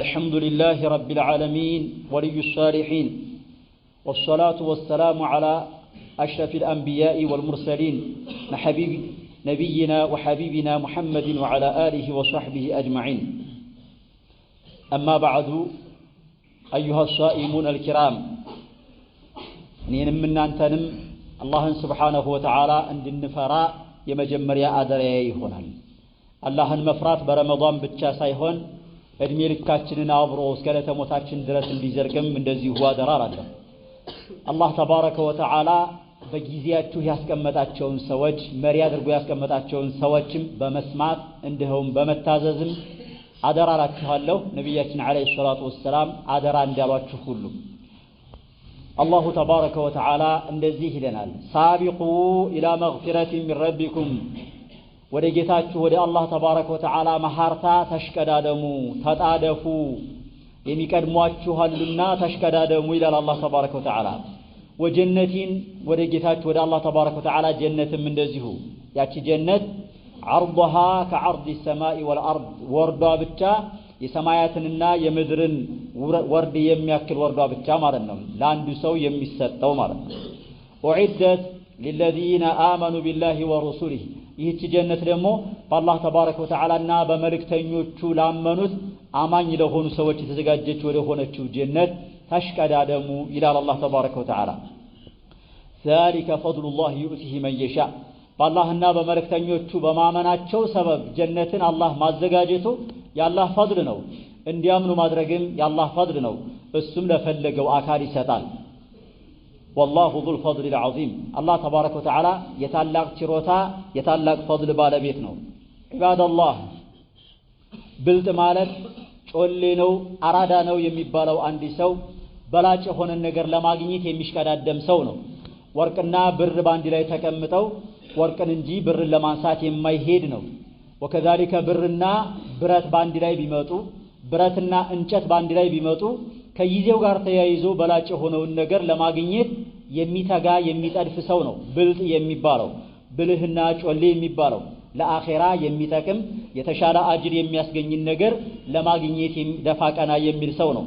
الحمد لله رب العالمين ولي الصالحين والصلاة والسلام على أشرف الأنبياء والمرسلين حبيب نبينا وحبيبنا محمد وعلى آله وصحبه أجمعين أما بعد أيها الصائمون الكرام الله سبحانه وتعالى ስብሓነሁ ወተዓላ እንድንፈራ የመጀመሪያ አደራያ ይሆናል። አላህን መፍራት በረመዳን ብቻ ሳይሆን እድሜ ልካችንን አብሮ እስከ ዕለተ ሞታችን ድረስ እንዲዘርግም እንደዚሁ አደራ አላለሁ። አላህ ተባረከ ወተዓላ በጊዜያችሁ ያስቀመጣቸውን ሰዎች መሪ አድርጎ ያስቀመጣቸውን ሰዎችም በመስማት እንዲሁም በመታዘዝም አደራ አላችኋለሁ ነቢያችን ዓለይሂ ሰላቱ ወሰላም አደራ እንዳሏችሁ ሁሉ አላሁ ተባረከ ወተዓላ እንደዚህ ይለናል፣ ሳቢቁ ኢላ መግፊረቲን ሚን ረቢኩም ወደ ጌታችሁ ወደ አላህ ተባረከ ወተዓላ መሐርታ ተሽቀዳደሙ፣ ተጣደፉ የሚቀድሟችኋሉና ተሽቀዳደሙ ይላል አላህ ተባረከ ወተዓላ። ወጀነቲን ወደ ጌታችሁ ወደ አላህ ተባረከ ወተዓላ ጀነትም እንደዚሁ ያቺ ጀነት ዐርዱሃ ከዐርድ ሰማኢ ወልአርድ ወርዷ ብቻ የሰማያትንና የምድርን ወርድ የሚያክል ወርዷ ብቻ ማለት ነው። ለአንዱ ሰው የሚሰጠው ማለት ነው። ኡዒደት ሊለዚነ አመኑ ቢላሂ ወሩሱሊህ ይህች ጀነት ደግሞ በአላህ ተባረከ ወተዓላና በመልእክተኞቹ ላመኑት አማኝ ለሆኑ ሰዎች የተዘጋጀች ወደ ሆነችው ጀነት ታሽቀዳደሙ ይላል አላህ ተባረከ ወተዓላ። ዛሊከ ፈድሉላህ ዩእቲሂ መን የሻ በአላህና በመልእክተኞቹ በማመናቸው ሰበብ ጀነትን አላህ ማዘጋጀቱ የአላህ ፈድል ነው። እንዲያምኑ ማድረግም የአላህ ፈድል ነው። እሱም ለፈለገው አካል ይሰጣል። ወላሁ ዙል ፈድል ልዓዚም አላህ ተባረከ ወተዓላ የታላቅ ችሮታ የታላቅ ፈድል ባለቤት ነው። ዒባደላህ ብልጥ ማለት ጮሌ ነው፣ አራዳ ነው የሚባለው አንድ ሰው በላጭ የሆነን ነገር ለማግኘት የሚሽቀዳደም ሰው ነው። ወርቅና ብር በአንድ ላይ ተቀምጠው ወርቅን እንጂ ብርን ለማንሳት የማይሄድ ነው። ወከዛሊከ ብርና ብረት በአንድ ላይ ቢመጡ ብረትና እንጨት በአንድ ላይ ቢመጡ ከጊዜው ጋር ተያይዞ በላጭ የሆነውን ነገር ለማግኘት የሚተጋ የሚጠድፍ ሰው ነው ብልጥ የሚባለው ብልህና ጮሌ የሚባለው ለአኼራ የሚጠቅም የተሻለ አጅር የሚያስገኝን ነገር ለማግኘት ደፋ ቀና የሚል ሰው ነው።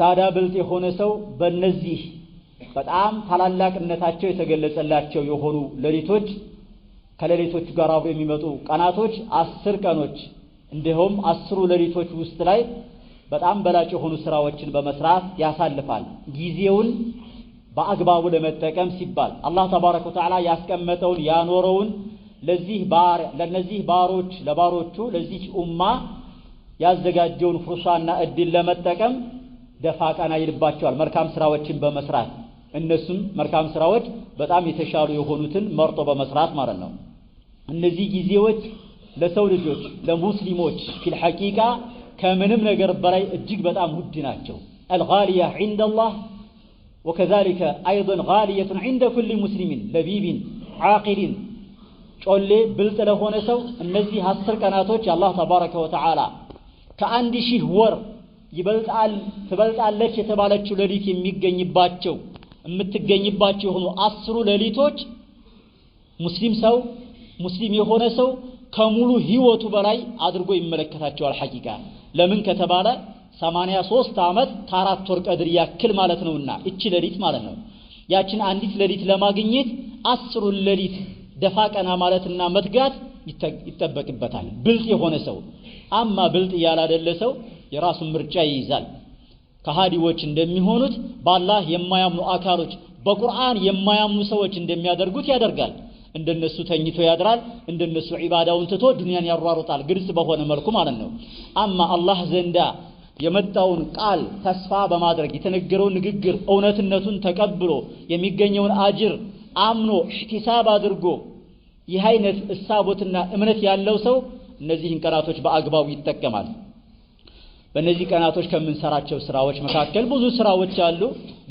ታዲያ ብልጥ የሆነ ሰው በእነዚህ በጣም ታላላቅነታቸው የተገለጸላቸው የሆኑ ሌሊቶች ከሌሊቶች ጋር አብሮ የሚመጡ ቀናቶች አስር ቀኖች እንዲሁም አስሩ ሌሊቶች ውስጥ ላይ በጣም በላጭ የሆኑ ስራዎችን በመስራት ያሳልፋል። ጊዜውን በአግባቡ ለመጠቀም ሲባል አላህ ተባረከ ወተዓላ ያስቀመጠውን ያኖረውን ለዚህ ባር ለነዚህ ባሮች ለባሮቹ ለዚህ ኡማ ያዘጋጀውን ፍርሷና እድል ለመጠቀም ደፋ ቀና ይልባቸዋል መልካም ስራዎችን በመስራት እነሱም መልካም ስራዎች በጣም የተሻሉ የሆኑትን መርጦ በመስራት ማለት ነው። እነዚህ ጊዜዎች ለሰው ልጆች ለሙስሊሞች ፊል ከምንም ነገር በላይ እጅግ በጣም ውድ ናቸው አልጋሊያ ዒንደ ወከዛሊከ አይደን ጋሊየቱን ዒንደ ኩሊ ሙስሊሚን ለቢቢን ዓቂሊን ጮሌ ብልጥ ለሆነ ሰው እነዚህ አስር ቀናቶች የአላህ ተባረከ ወተዓላ ከአንድ ሺህ ወር ይበልጣል ትበልጣለች የተባለችው ሌሊት የሚገኝባቸው የምትገኝባቸው የሆኑ አስሩ ሌሊቶች ሙስሊም ሰው ሙስሊም የሆነ ሰው ከሙሉ ህይወቱ በላይ አድርጎ ይመለከታቸዋል ሐቂቃ ለምን ከተባለ 83 ዓመት ከአራት ወር ቀድር ያክል ማለት ነውና እቺ ሌሊት ማለት ነው። ያችን አንዲት ሌሊት ለማግኘት አስሩን ሌሊት ደፋ ቀና ማለትና መትጋት ይጠበቅበታል። ብልጥ የሆነ ሰው አማ ብልጥ ያላደለ ሰው የራሱን ምርጫ ይይዛል። ከሃዲዎች እንደሚሆኑት በአላህ የማያምኑ አካሎች በቁርአን የማያምኑ ሰዎች እንደሚያደርጉት ያደርጋል። እንደነሱ ተኝቶ ያድራል፣ እንደነሱ ዒባዳውን ትቶ ዱንያን ያሯሩጣል። ግልጽ በሆነ መልኩ ማለት ነው። አማ አላህ ዘንዳ የመጣውን ቃል ተስፋ በማድረግ የተነገረውን ንግግር እውነትነቱን ተቀብሎ የሚገኘውን አጅር አምኖ ኢሕቲሳብ አድርጎ ይህ አይነት እሳቦትና እምነት ያለው ሰው እነዚህን ቀናቶች በአግባቡ ይጠቀማል። በእነዚህ ቀናቶች ከምንሰራቸው ስራዎች መካከል ብዙ ስራዎች አሉ፣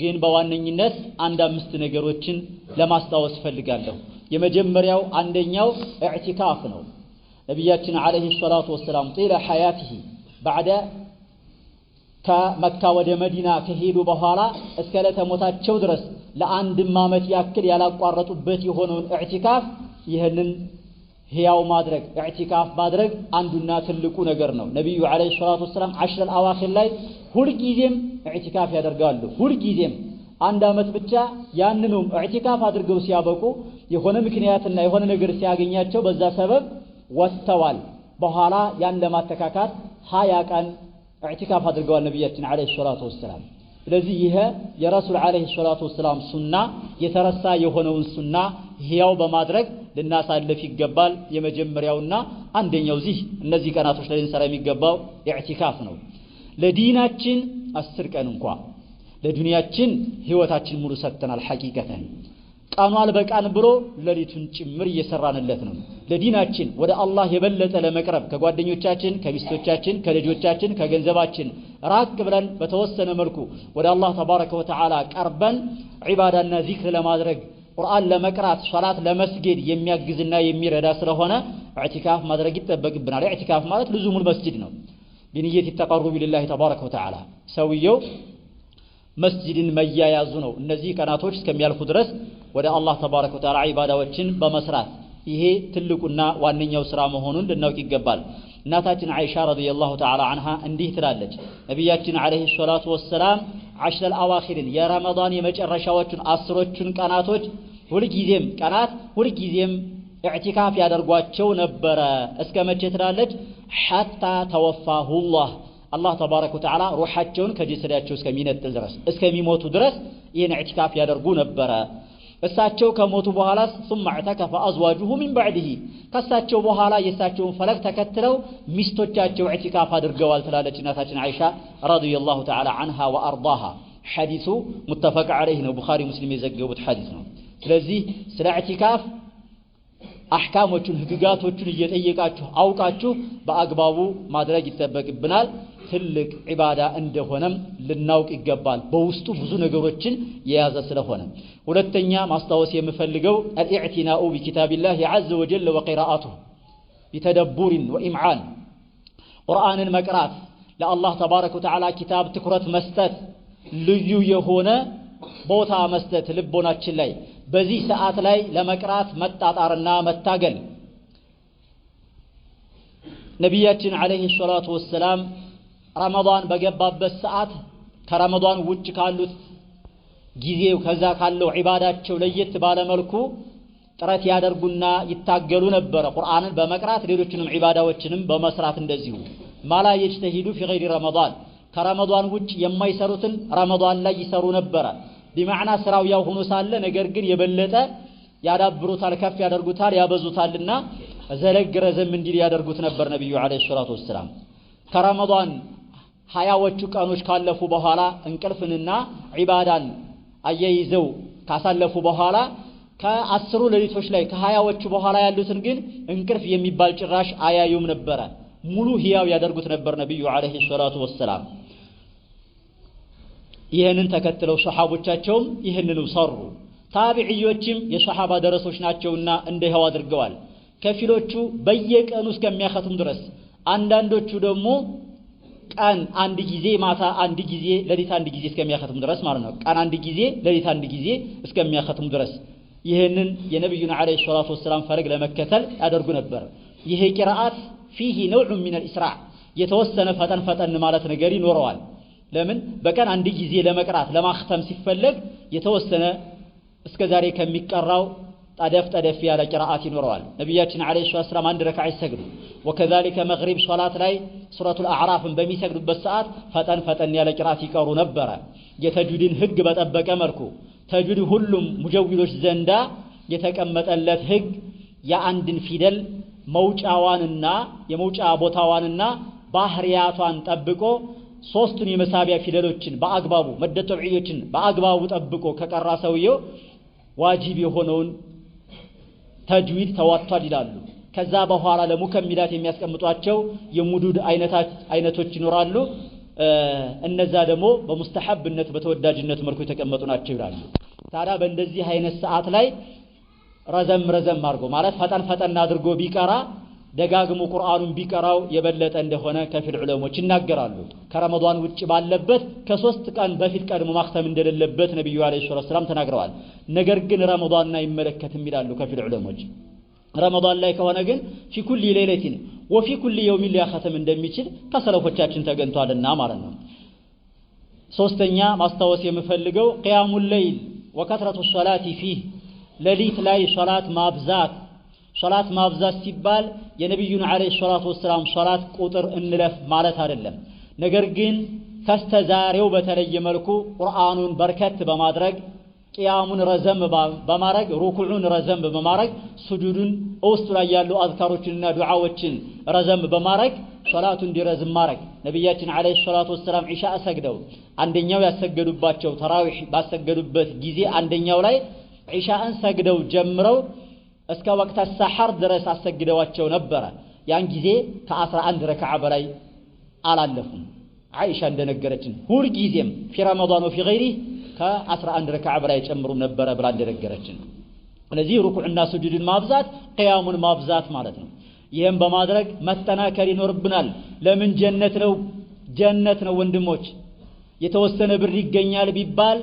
ግን በዋነኝነት አንድ አምስት ነገሮችን ለማስታወስ እፈልጋለሁ። የመጀመሪያው አንደኛው እዕቲካፍ ነው። ነቢያችን ዓለይሂ ሰላቱ ወሰላም ጢለ ሐያቲሂ ባዕደ ከመካ ወደ መዲና ከሄዱ በኋላ እስከ ዕለተ ሞታቸው ድረስ ለአንድም ዓመት ያክል ያላቋረጡበት የሆነውን እዕቲካፍ ይህንን ህያው ማድረግ እዕቲካፍ ማድረግ አንዱና ትልቁ ነገር ነው። ነቢዩ ዓለይሂ ሰላቱ ወሰላም አሽረል አዋኺር ላይ ሁልጊዜም እዕቲካፍ ያደርጋሉ። ሁልጊዜም አንድ ዓመት ብቻ ያንኑ እዕቲካፍ አድርገው ሲያበቁ የሆነ ምክንያትና የሆነ ነገር ሲያገኛቸው በዛ ሰበብ ወጥተዋል። በኋላ ያን ለማተካካት ሀያ ቀን እዕቲካፍ አድርገዋል ነቢያችን ዓለይሂ ሰላቱ ወሰላም። ስለዚህ ይሄ የረሱል ዓለይሂ ሰላቱ ወሰላም ሱና የተረሳ የሆነውን ሱና ሕያው በማድረግ ልናሳልፍ ይገባል። የመጀመሪያውና አንደኛው ዚህ እነዚህ ቀናቶች ላይ ልንሰራ የሚገባው እዕቲካፍ ነው። ለዲናችን አስር ቀን እንኳ ለዱንያችን ህይወታችን ሙሉ ሰጥተናል። ሐቂቀተን ቀኗል በቃን ብሎ ሌሊቱን ጭምር እየሰራንለት ነው። ለዲናችን ወደ አላህ የበለጠ ለመቅረብ ከጓደኞቻችን፣ ከሚስቶቻችን፣ ከልጆቻችን፣ ከገንዘባችን ራቅ ብለን በተወሰነ መልኩ ወደ አላህ ተባረከ ወተዓላ ቀርበን ዒባዳና ዚክር ለማድረግ ቁርአን ለመቅራት ሶላት ለመስጌድ የሚያግዝና የሚረዳ ስለሆነ ኢዕቲካፍ ማድረግ ይጠበቅብናል። ኢዕቲካፍ ማለት ልዙሙል መስጂድ ነው። ቢንየት ተቀሩቢ ሊላሂ ተባረከ ወተዓላ ሰውየው መስጂድን መያያዙ ነው። እነዚህ ቀናቶች እስከሚያልፉ ድረስ ወደ አላህ ተባረከ ወተዓላ ኢባዳዎችን በመስራት ይሄ ትልቁና ዋነኛው ስራ መሆኑን ልናውቅ ይገባል። እናታችን አይሻ ረዲየላሁ ተዓላ አንሃ እንዲህ ትላለች። ነቢያችን አለይሂ ሰላቱ ወሰላም አሽረል አዋኺርን የረመዳን የመጨረሻዎቹን አስሮቹን ቀናቶች ሁልጊዜም ቀናት ሁልጊዜም ኢዕቲካፍ ያደርጓቸው ነበረ። እስከ መቼ ትላለች? ሐታ ተወፋሁላህ الله تبارك وتعالى روح حجون كجسر يحجو اسكا مينة تلدرس اسكا ميموتو درس ين اعتكاف يدرقون ببرا الساتشو كموتو بوهالا ثم اعتكف أزواجه من بعده كالساتشو بوهالا يساتشو فلق تكتلو مستو جاتشو اعتكاف درقوال تلالة ناساتشن عيشة رضي الله تعالى عنها وأرضاها حديث متفق عليه بخاري مسلم يزقوا بتحديثنا ስለዚህ ስለ ኢዕቲካፍ አህካሞቹን ህግጋቶቹን እየጠየቃችሁ አውቃችሁ በአግባቡ ማድረግ ይጠበቅብናል ትልቅ ዒባዳ እንደሆነም ልናውቅ ይገባል። በውስጡ ብዙ ነገሮችን የያዘ ስለሆነ ሁለተኛ ማስታወስ የምፈልገው አልኢዕቲናኡ ቢኪታቢላሂ ዐዘ ወጀል ወቂራአቱሁ ቢተደቡሪን ወኢምዓን ቁርአንን መቅራት ለአላህ ተባረከ ወተዓላ ኪታብ ትኩረት መስጠት ልዩ የሆነ ቦታ መስጠት ልቦናችን ላይ በዚህ ሰዓት ላይ ለመቅራት መጣጣርና መታገል ነቢያችን ዓለይሂ ሰላቱ ወሰላም ረመዷን በገባበት ሰዓት ከረመዷን ውጭ ካሉት ጊዜው ከዛ ካለው ዒባዳቸው ለየት ባለመልኩ ጥረት ያደርጉና ይታገሉ ነበረ። ቁርአንን በመቅራት ሌሎችንም ዒባዳዎችንም በመስራት እንደዚሁ ማላ የጅተሂዱ ፊ ገይሪ ረመዷን ከረመዷን ውጭ የማይሰሩትን ረመዷን ላይ ይሰሩ ነበረ። ቢማዕና ስራው ያው ሆኖ ሳለ ነገር ግን የበለጠ ያዳብሩታል፣ ከፍ ያደርጉታል፣ ያበዙታልና ዘለግ ረዘም እንዲል ያደርጉት ነበር ነቢዩ ዓለይሂ ሰላቱ ወሰላም ከረመዷን ሀያዎቹ ቀኖች ካለፉ በኋላ እንቅልፍንና ዒባዳን አያይዘው ካሳለፉ በኋላ ከአስሩ ሌሊቶች ላይ ከሀያዎቹ በኋላ ያሉትን ግን እንቅልፍ የሚባል ጭራሽ አያዩም ነበረ። ሙሉ ህያው ያደርጉት ነበር ነቢዩ ዓለይሂ ሰላቱ ወሰላም። ይህንን ተከትለው ሰሓቦቻቸውም ይህንኑ ሰሩ። ታቢዕዮችም የሰሓባ ደረሶች ናቸውና እንደህው አድርገዋል። ከፊሎቹ በየቀኑ እስከሚያኸቱም ድረስ፣ አንዳንዶቹ ደግሞ ቀን አንድ ጊዜ ማታ አንድ ጊዜ ሌሊት አንድ ጊዜ እስከሚያከትሙ ድረስ ማለት ነው። ቀን አንድ ጊዜ ሌሊት አንድ ጊዜ እስከሚያከትሙ ድረስ ይህንን የነቢዩን ዓለይሂ ሰላቱ ወሰላም ፈለግ ለመከተል ያደርጉ ነበር። ይሄ ቂራአት ፊሂ ነውዑን ሚነል ኢስራዕ የተወሰነ ፈጠን ፈጠን ማለት ነገር ይኖረዋል። ለምን በቀን አንድ ጊዜ ለመቅራት ለማክተም ሲፈለግ የተወሰነ እስከዛሬ ከሚቀራው ጠደፍ ጠደፍ ያለ ቅራአት ይኖረዋል። ነቢያችን ዓለይሂ ሰላቱ ወሰላም አንድ ረካ አይሰግዱ። ወከዛሊከ መግሪብ ሶላት ላይ ሱረቱል አዕራፍን በሚሰግዱበት ሰዓት ፈጠን ፈጠን ያለ ቅራአት ይቀሩ ነበረ። የተጁድን ህግ በጠበቀ መልኩ ተጁድ ሁሉም ሙጀዊዶች ዘንዳ የተቀመጠለት ህግ የአንድን ፊደል መውጫዋንና የመውጫ ቦታዋንና ባህሪያቷን ጠብቆ ሶስቱን የመሳቢያ ፊደሎችን በአግባቡ መደተብዕዮችን በአግባቡ ጠብቆ ከቀራ ሰውየው ዋጅብ የሆነውን ተጅዊድ ተዋጥቷል ይላሉ። ከዛ በኋላ ለሙከሚላት የሚያስቀምጧቸው የሙዱድ አይነቶች ይኖራሉ። እነዛ ደግሞ በሙስተሐብነት በተወዳጅነት መልኩ የተቀመጡ ናቸው ይላሉ። ታዲያ በእንደዚህ አይነት ሰዓት ላይ ረዘም ረዘም አድርጎ ማለት ፈጠን ፈጠን አድርጎ ቢቀራ ደጋግሞ ቁርአኑን ቢቀራው የበለጠ እንደሆነ ከፊል ዑለሞች ይናገራሉ። ከረመዷን ውጭ ባለበት ከሶስት ቀን በፊት ቀድሞ ማክተም እንደሌለበት ነቢዩ ዓለይሂ ሰላቱ ወሰላም ተናግረዋል። ነገር ግን ረመዷን አይመለከትም ይላሉ ከፊል ዑለሞች። ረመዷን ላይ ከሆነ ግን ፊ ኩሊ ሌይለቲን ወፊ ኩሊ የውሚን ሊያኸተም እንደሚችል ከሰለፎቻችን ተገንቷልና ማለት ነው። ሶስተኛ ማስታወስ የምፈልገው ቅያሙ ለይል ወከትረቱ ሶላቲ ፊህ ሌሊት ላይ ሶላት ማብዛት ሶላት ማብዛት ሲባል የነቢዩን ዓለይሂ ሰላቱ ወሰላም ሶላት ቁጥር እንለፍ ማለት አይደለም። ነገር ግን ከስተዛሬው በተለየ መልኩ ቁርአኑን በርከት በማድረግ ቅያሙን ረዘም በማድረግ ሩኩዑን ረዘም በማድረግ ስጁዱን ውስጡ ላይ ያሉ አዝካሮችንና ዱዓዎችን ረዘም በማድረግ ሶላቱ እንዲረዝም ማድረግ ነቢያችን ዓለይሂ ሰላቱ ወሰላም ዒሻ ሰግደው አንደኛው ያሰገዱባቸው ተራዊሕ ባሰገዱበት ጊዜ አንደኛው ላይ ኢሻን ሰግደው ጀምረው እስከ ወቅተ ሰሐር ድረስ አሰግደዋቸው ነበረ። ያን ጊዜ ከአስራ አንድ ረክዓ በላይ አላለፉም። አይሻ እንደነገረችን ሁልጊዜም ፊ ረመዳን ወፊ ገይሪህ ከአስራ አንድ ረክዓ በላይ ጨምሩ ነበረ ብላ እንደነገረችን። ስለዚህ ሩኩዕና ስጁድን ማብዛት ቅያሙን ማብዛት ማለት ነው። ይህም በማድረግ መጠናከር ይኖርብናል። ለምን ጀነት ነው ጀነት ነው ወንድሞች፣ የተወሰነ ብር ይገኛል ቢባል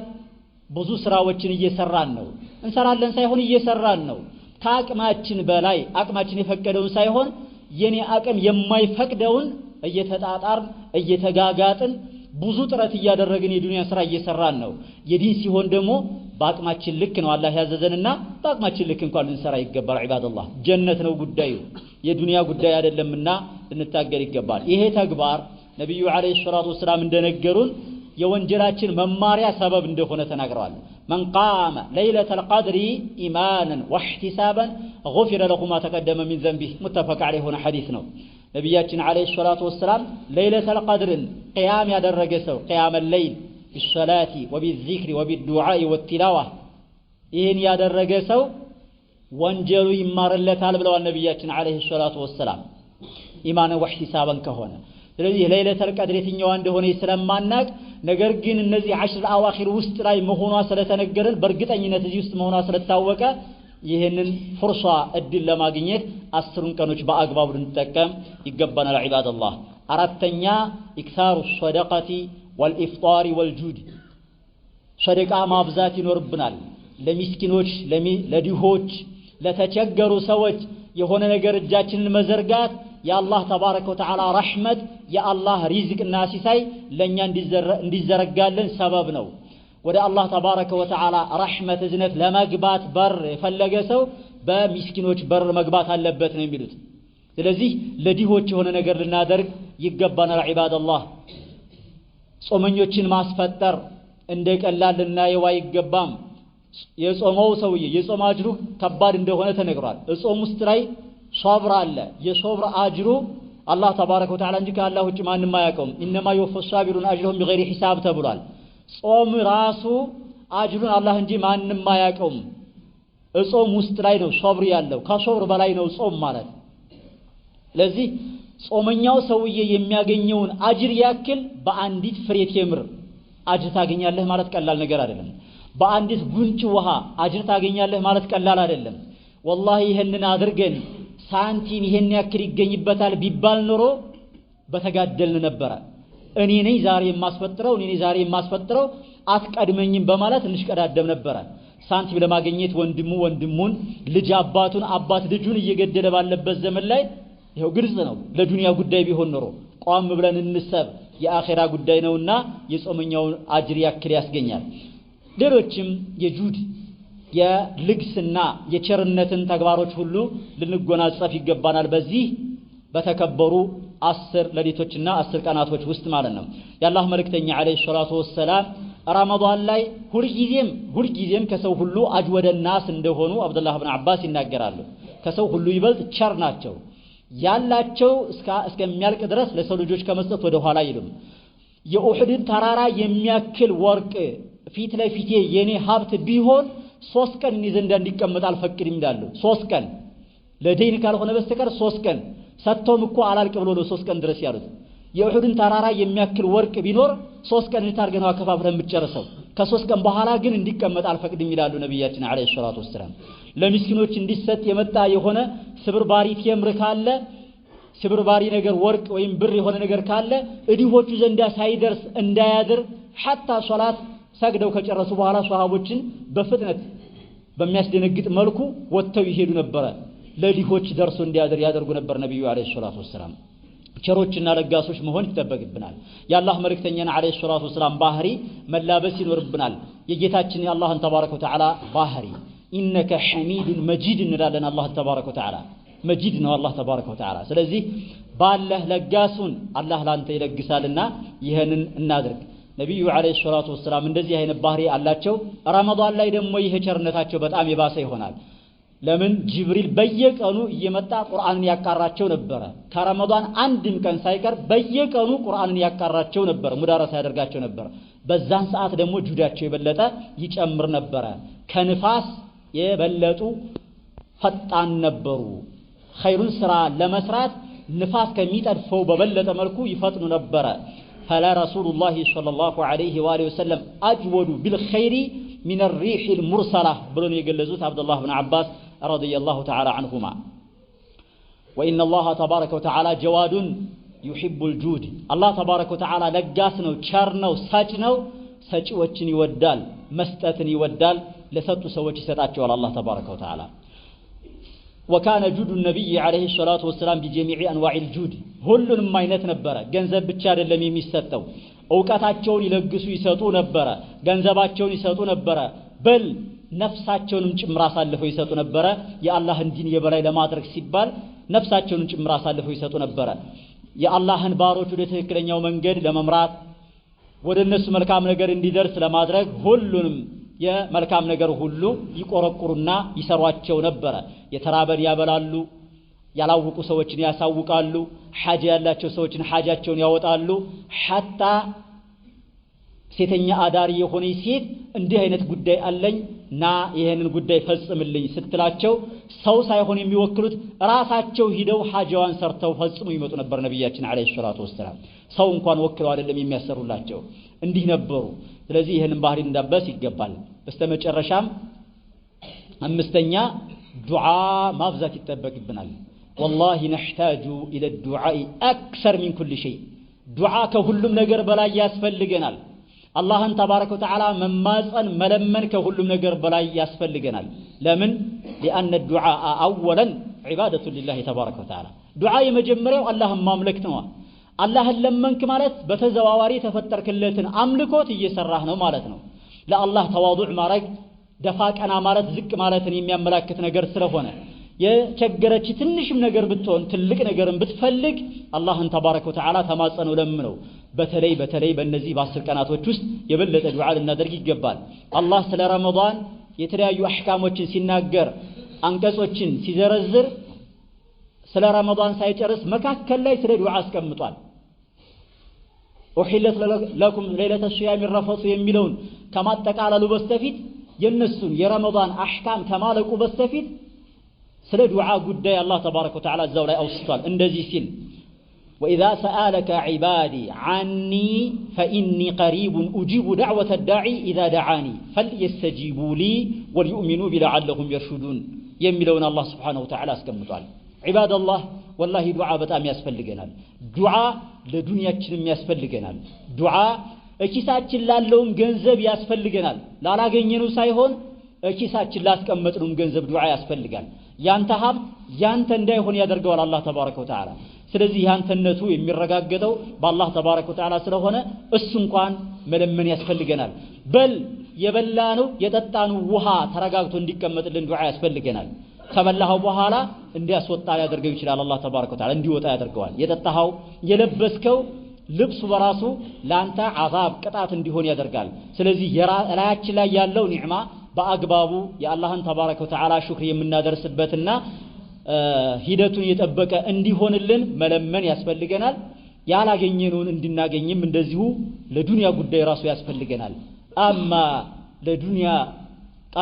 ብዙ ስራዎችን እየሰራን ነው። እንሰራለን ሳይሆን እየሰራን ነው። ከአቅማችን በላይ አቅማችን የፈቀደውን ሳይሆን የኔ አቅም የማይፈቅደውን እየተጣጣርን እየተጋጋጥን ብዙ ጥረት እያደረግን የዱንያ ስራ እየሰራን ነው። የዲን ሲሆን ደግሞ በአቅማችን ልክ ነው አላህ ያዘዘንና በአቅማችን ልክ እንኳን ልንሰራ ይገባል። ዒባደላህ ጀነት ነው ጉዳዩ፣ የዱንያ ጉዳይ አይደለምና ልንታገል ይገባል። ይሄ ተግባር ነቢዩ ዓለይሂ ሰላቱ ወሰላም እንደነገሩን የወንጀላችን መማሪያ ሰበብ እንደሆነ ተናግረዋል መን ቃመ ለይለተ ልቀድሪ ኢማንን ወሕቲሳበን غፊረ ለሁ ማ ተቀደመ ሚን ዘንቢህ ሙተፈቅ ዐለይህ የሆነ ሐዲስ ነው ነቢያችን ዐለይሂ ሰላቱ ወሰላም ለይለተ ልቀድርን ቅያም ያደረገ ሰው ቅያመ ለይል ቢሰላቲ ወቢዚክሪ ወቢዱዓኢ ወቲላዋ ይህን ያደረገ ሰው ወንጀሉ ይማርለታል ብለዋል ነቢያችን ዐለይሂ ሰላቱ ወሰላም ኢማንን ወሕቲሳበን ከሆነ ስለዚህ ለይለተል ቀድር የትኛዋ እንደሆነ ስለማናቅ ነገር ግን እነዚህ አሽር አዋኺር ውስጥ ላይ መሆኗ ስለተነገረን በእርግጠኝነት እዚህ ውስጥ መሆኗ ስለታወቀ ይህንን ፍርሷ እድል ለማግኘት አስሩን ቀኖች በአግባቡ ልንጠቀም ይገባናል። ዒባደላህ አራተኛ ኢክታሩ ሰደቀቲ ወልኢፍጣሪ ወልጁድ ሰደቃ ማብዛት ይኖርብናል። ለሚስኪኖች፣ ለድሆች፣ ለተቸገሩ ሰዎች የሆነ ነገር እጃችንን መዘርጋት የአላህ ተባረከ ወተዓላ ረሕመት የአላህ ሪዝቅና ሲሳይ ለእኛ እንዲዘረጋልን ሰበብ ነው። ወደ አላህ ተባረከ ወተዓላ ረሕመት እዝነት ለመግባት በር የፈለገ ሰው በሚስኪኖች በር መግባት አለበት ነው የሚሉት። ስለዚህ ለድሆች የሆነ ነገር ልናደርግ ይገባናል። ዒባደላህ ጾመኞችን ማስፈጠር እንደ ቀላል ልናየው አይገባም። የጾመው ሰውዬ የጾም አጅሩ ከባድ እንደሆነ ተነግሯል። እጾም ውስጥ ላይ ሶብር አለ የሶብር አጅሩ አላህ ተባረከ ወተዓላ እንጂ ከአላህ ውጭ ማንም አያውቀውም ኢነማ ይወፈ ሳቢሩን አጅሩሁም ቢገይሪ ሂሳብ ተብሏል ጾም ራሱ አጅሩን አላህ እንጂ ማንም አያውቀውም እጾም ውስጥ ላይ ነው ሶብር ያለው ከሶብር በላይ ነው ጾም ማለት ስለዚህ ጾመኛው ሰውዬ የሚያገኘውን አጅር ያክል በአንዲት ፍሬ ቴምር አጅር ታገኛለህ ማለት ቀላል ነገር አይደለም በአንዲት ጉንጭ ውሃ አጅር ታገኛለህ ማለት ቀላል አይደለም ወላሂ ይህንን አድርገን ሳንቲም ይሄን ያክል ይገኝበታል ቢባል ኖሮ በተጋደልን ነበረ። እኔ ነኝ ዛሬ የማስፈጥረው፣ እኔ ነኝ ዛሬ የማስፈጥረው አትቀድመኝም በማለት እንሽቀዳደም ነበረ። ሳንቲም ለማግኘት ወንድሙ ወንድሙን፣ ልጅ አባቱን፣ አባት ልጁን እየገደለ ባለበት ዘመን ላይ ይኸው ግልጽ ነው። ለዱንያ ጉዳይ ቢሆን ኖሮ ቋም ብለን እንሰብ፣ የአኼራ ጉዳይ ነውና የጾመኛውን አጅር ያክል ያስገኛል። ሌሎችም የጁድ የልግስና የቸርነትን ተግባሮች ሁሉ ልንጎናጸፍ ይገባናል። በዚህ በተከበሩ አስር ሌሊቶችና አስር ቀናቶች ውስጥ ማለት ነው። የአላህ መልእክተኛ ዓለይሂ ሰላቱ ወሰላም ረመዳን ላይ ሁልጊዜም ሁልጊዜም ከሰው ሁሉ አጅወደ ናስ እንደሆኑ አብዱላህ ብን አባስ ይናገራሉ። ከሰው ሁሉ ይበልጥ ቸር ናቸው። ያላቸው እስከሚያልቅ ድረስ ለሰው ልጆች ከመስጠት ወደ ኋላ አይሉም። የኡሑድን ተራራ የሚያክል ወርቅ ፊት ለፊቴ የኔ ሀብት ቢሆን ሶስት ቀን እኔ ዘንዳ እንዲቀመጥ አልፈቅድም ይላሉ። ሶስት ቀን ለደይን ካልሆነ በስተቀር ሶስት ቀን ሰጥቶም እኮ አላልቅ ብሎ ነው ሶስት ቀን ድረስ ያሉት። የኡሑድን ተራራ የሚያክል ወርቅ ቢኖር ሶስት ቀን እንታርገ ነው አከፋፍለ የምትጨርሰው። ከሶስት ቀን በኋላ ግን እንዲቀመጥ አልፈቅድም ይላሉ ነቢያችን አለይሂ ሰላቱ ወሰላም። ለሚስኪኖች እንዲሰጥ የመጣ የሆነ ስብርባሪ ቴምር ካለ ስብርባሪ ነገር ወርቅ ወይም ብር የሆነ ነገር ካለ እዲሆቹ ዘንዳ ሳይደርስ እንዳያድር ሐታ ሶላት ሰግደው ከጨረሱ በኋላ ሶሃቦችን በፍጥነት በሚያስደነግጥ መልኩ ወጥተው ይሄዱ ነበረ። ለዲሆች ደርሶ እንዲያደር ያደርጉ ነበር ነቢዩ አለይሂ ሰላቱ ወሰላም። ቸሮችና ለጋሶች መሆን ይጠበቅብናል። የአላህ መልእክተኛን አለይሂ ሰላቱ ወሰላም ባህሪ መላበስ ይኖርብናል። የጌታችን የአላህን ተባረከ ወተዓላ ባህሪ ኢነከ ሐሚዱን መጂድ እንላለን። አላህን ተባረከ ወተዓላ መጂድ ነው አላህ ተባረከ ወተዓላ። ስለዚህ ባለህ ለጋሱን አላህ ላንተ ይለግሳልና ይህንን እናድርግ። ነቢዩ ዓለይሂ ሰላቱ ወሰላም እንደዚህ አይነት ባህሪ አላቸው። ረመዳን ላይ ደግሞ ይህ ቸርነታቸው በጣም የባሰ ይሆናል። ለምን ጅብሪል በየቀኑ እየመጣ ቁርአንን ያቃራቸው ነበረ። ከረመዳን አንድም ቀን ሳይቀር በየቀኑ ቁርአንን ያቃራቸው ነበረ፣ ሙዳረሳ ያደርጋቸው ነበር። በዛን ሰዓት ደግሞ ጁዳቸው የበለጠ ይጨምር ነበረ። ከንፋስ የበለጡ ፈጣን ነበሩ። ኸይሩን ስራ ለመስራት ንፋስ ከሚጠድፈው በበለጠ መልኩ ይፈጥኑ ነበረ። فلا رسول الله صلى الله عليه وآله وسلم أجود بالخير من الريح المرسلة بلون يقلزوت عبد الله بن عباس رضي الله تعالى عنهما وإن الله تبارك وتعالى جواد يحب الجود الله تبارك وتعالى لقاسنا وشارنا وساجنا سجوة يودال مستثني ይወዳል። ለሰጡ سوى ይሰጣቸዋል الله تبارك وتعالى ወካነ ጁዱ ነቢይ ዓለይሂ ሰላቱ ወሰላም ቢጀሚዕ አንዋዒል ጁድ ሁሉንም አይነት ነበረ። ገንዘብ ብቻ አይደለም የሚሰጠው፣ እውቀታቸውን ይለግሱ ይሰጡ ነበረ፣ ገንዘባቸውን ይሰጡ ነበረ፣ በል ነፍሳቸውንም ጭምር አሳልፈው ይሰጡ ነበረ። የአላህን ዲን የበላይ ለማድረግ ሲባል ነፍሳቸውንም ጭምር አሳልፈው ይሰጡ ነበረ። የአላህን ባሮች ወደ ትክክለኛው መንገድ ለመምራት ወደ እነሱ መልካም ነገር እንዲደርስ ለማድረግ ሁሉንም የመልካም ነገር ሁሉ ይቆረቁሩና ይሰሯቸው ነበረ። የተራበን ያበላሉ፣ ያላወቁ ሰዎችን ያሳውቃሉ፣ ሐጃ ያላቸው ሰዎችን ሐጃቸውን ያወጣሉ። ሐታ ሴተኛ አዳሪ የሆነ ሴት እንዲህ አይነት ጉዳይ አለኝ ና ይህንን ጉዳይ ፈጽምልኝ ስትላቸው ሰው ሳይሆን የሚወክሉት ራሳቸው ሂደው ሐጃዋን ሰርተው ፈጽሙ ይመጡ ነበር። ነቢያችን አለይሂ ሰላቱ ወሰላም ሰው እንኳን ወክለው አይደለም የሚያሰሩላቸው እንዲህ ነበሩ። ስለዚህ ይህንን ባህሪ እንዳበስ ይገባል። በስተመጨረሻም አምስተኛ ዱዓ ማብዛት ይጠበቅብናል። ወላሂ ነሕታጁ ኢለ ዱዓኢ አክሰር ሚን ኩል ሸይ። ዱዓ ከሁሉም ነገር በላይ ያስፈልገናል። አላህን ተባረከ ወተዓላ መማፀን መለመን ከሁሉም ነገር በላይ ያስፈልገናል። ለምን? ሊአነ ዱዓአ አወለን ዒባደቱ ሊላሂ ተባረከ ወተዓላ ዱዓ የመጀመሪያው አላህን ማምለክ ነዋ። አላህን ለመንክ ማለት በተዘዋዋሪ የተፈጠርክለትን አምልኮት እየሰራህ ነው ማለት ነው። ለአላህ ተዋዱዕ ማድረግ ደፋ ቀና ማለት ዝቅ ማለትን የሚያመላክት ነገር ስለሆነ የቸገረች ትንሽም ነገር ብትሆን ትልቅ ነገርን ብትፈልግ አላህን ተባረከ ወተዓላ ተማጸኑ ለምነው። በተለይ በተለይ በእነዚህ በአስር ቀናቶች ውስጥ የበለጠ ዱዓ ልናደርግ ይገባል። አላህ ስለ ረመዳን የተለያዩ አሕካሞችን ሲናገር አንቀጾችን ሲዘረዝር ስለ ረመዳን ሳይጨርስ መካከል ላይ ስለ ዱዓ አስቀምጧል። أحلت لكم ليلة الشيام الرفص يميلون كما على بستفيد ينسون يا رمضان أحكام كما لكم بستفيد سل دعاء قد الله تبارك وتعالى الزولة أوسطان اندزي سن وإذا سألك عبادي عني فإني قريب أجيب دعوة الداعي إذا دعاني فليستجيبوا لي وليؤمنوا بلعلهم يرشدون يميلون الله سبحانه وتعالى اسكم عباد الله والله دعاء بتام يسفل لقنا دعاء ለዱንያችንም ያስፈልገናል። ዱዓ እኪሳችን ላለውም ገንዘብ ያስፈልገናል። ላላገኘነው ሳይሆን እኪሳችን ላስቀመጥነውም ገንዘብ ዱዓ ያስፈልጋል። ያንተ ሀብት ያንተ እንዳይሆን ያደርገዋል አላህ ተባረከ ወተዓላ። ስለዚህ ያንተነቱ የሚረጋገጠው በአላህ ተባረከ ወተዓላ ስለሆነ እሱ እንኳን መለመን ያስፈልገናል። በል የበላነው የጠጣነው ውሃ ተረጋግቶ እንዲቀመጥልን ዱዓ ያስፈልገናል። ከበላኸው በኋላ እንዲያስወጣ ሊያደርገው ይችላል። አላህ ተባረከ ወተዓላ እንዲወጣ ያደርገዋል። የጠጣኸው የለበስከው ልብሱ በራሱ ለአንተ አዛብ ቅጣት እንዲሆን ያደርጋል። ስለዚህ ላያችን ላይ ያለው ኒዕማ በአግባቡ የአላህን ተባረከ ወተዓላ ሹክር የምናደርስበትና ሂደቱን የጠበቀ እንዲሆንልን መለመን ያስፈልገናል። ያላገኘነውን እንድናገኝም እንደዚሁ ለዱንያ ጉዳይ ራሱ ያስፈልገናል። አማ ለዱንያ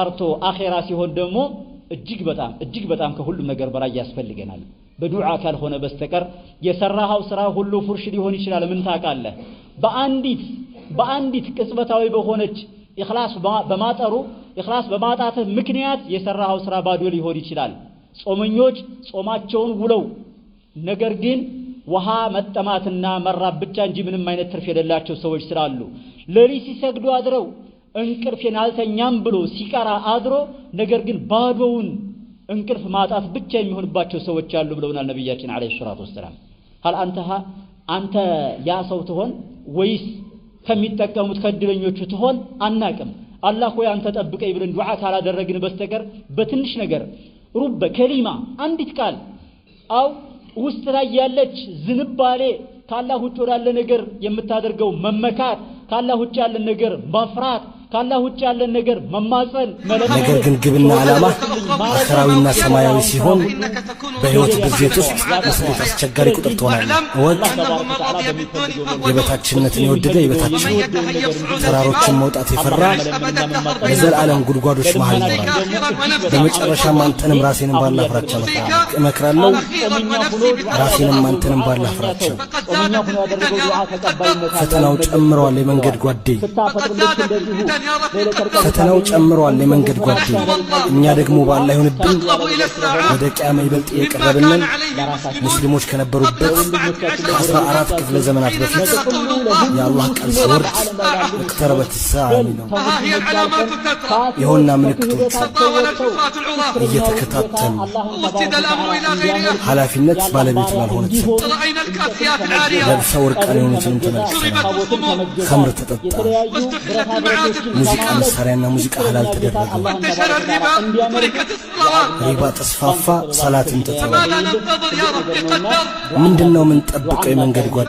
ቀርቶ አኼራ ሲሆን ደግሞ እጅግ በጣም እጅግ በጣም ከሁሉም ነገር በላይ ያስፈልገናል። በዱዓ ካልሆነ በስተቀር የሰራኸው ስራ ሁሉ ፉርሽ ሊሆን ይችላል። ምን ታውቃለህ? በአንዲት በአንዲት ቅጽበታዊ በሆነች ኢኽላስ በማጠሩ ኢኽላስ በማጣትህ ምክንያት የሰራኸው ስራ ባዶ ሊሆን ይችላል። ጾመኞች ጾማቸውን ውለው ነገር ግን ውሃ መጠማትና መራብ ብቻ እንጂ ምንም አይነት ትርፍ የሌላቸው ሰዎች ስላሉ ለሊ ሲሰግዱ አድረው እንቅልፌን አልተኛም ብሎ ሲቀራ አድሮ ነገር ግን ባዶውን እንቅልፍ ማጣት ብቻ የሚሆንባቸው ሰዎች አሉ ብለውናል ነቢያችን አለይሂ ሰላቱ ወሰላም። ሀል አንተሃ አንተ ያ ሰው ትሆን ወይስ ከሚጠቀሙት ከእድለኞቹ ትሆን አናቅም። አላህ ሆይ አንተ ጠብቀኝ ብለን ዱዓ ካላደረግን በስተቀር በትንሽ ነገር ሩበ ከሊማ አንዲት ቃል አው ውስጥ ላይ ያለች ዝንባሌ ካላህ ውጭ ወዳለ ነገር የምታደርገው መመካት ካላህ ውጭ ያለን ነገር መፍራት። ካላህ ውጭ ያለን ነገር መማፀን። ነገር ግን ግብና ዓላማ አኸራዊና ሰማያዊ ሲሆን በሕይወት ብዜት ውስጥ መስሌት አስቸጋሪ ቁጥር ትሆናለህ። እወቅ የበታችነትን የወደደ የበታችን ተራሮችን መውጣት የፈራ የዘላለም ጉድጓዶች መሃል ይኖራል። በመጨረሻም አንተንም ራሴንም ባላህ ፍራቻ እመክራለሁ። ራሴንም አንተንም ባላህ ፍራቻ። ፈተናው ጨምረዋል የመንገድ ጓዴ ፈተናው ጨምሯል የመንገድ ጓደኛ። እኛ ደግሞ ባላ ይሁንብን ወደ ቂያማ ይበልጥ የቀረብንን ሙስሊሞች ከነበሩበት ከአስራ አራት ክፍለ ዘመናት በፊት የአላህ ቃል ሲወርድ እቅተረበት ሰዓት የሆና ምልክቶች እየተከታተሉ ኃላፊነት ባለቤት ላልሆነች ለብሳ ወርቃን የሆኑትንም ተመልክተናል። ከምር ተጠጣ ሙዚቃ መሳሪያና ሙዚቃ ሀላል ተደረገ። ሪባ ተስፋፋ፣ ሰላትን ተተወ። ምንድነው ምን ጠብቀው የመንገድ ጓ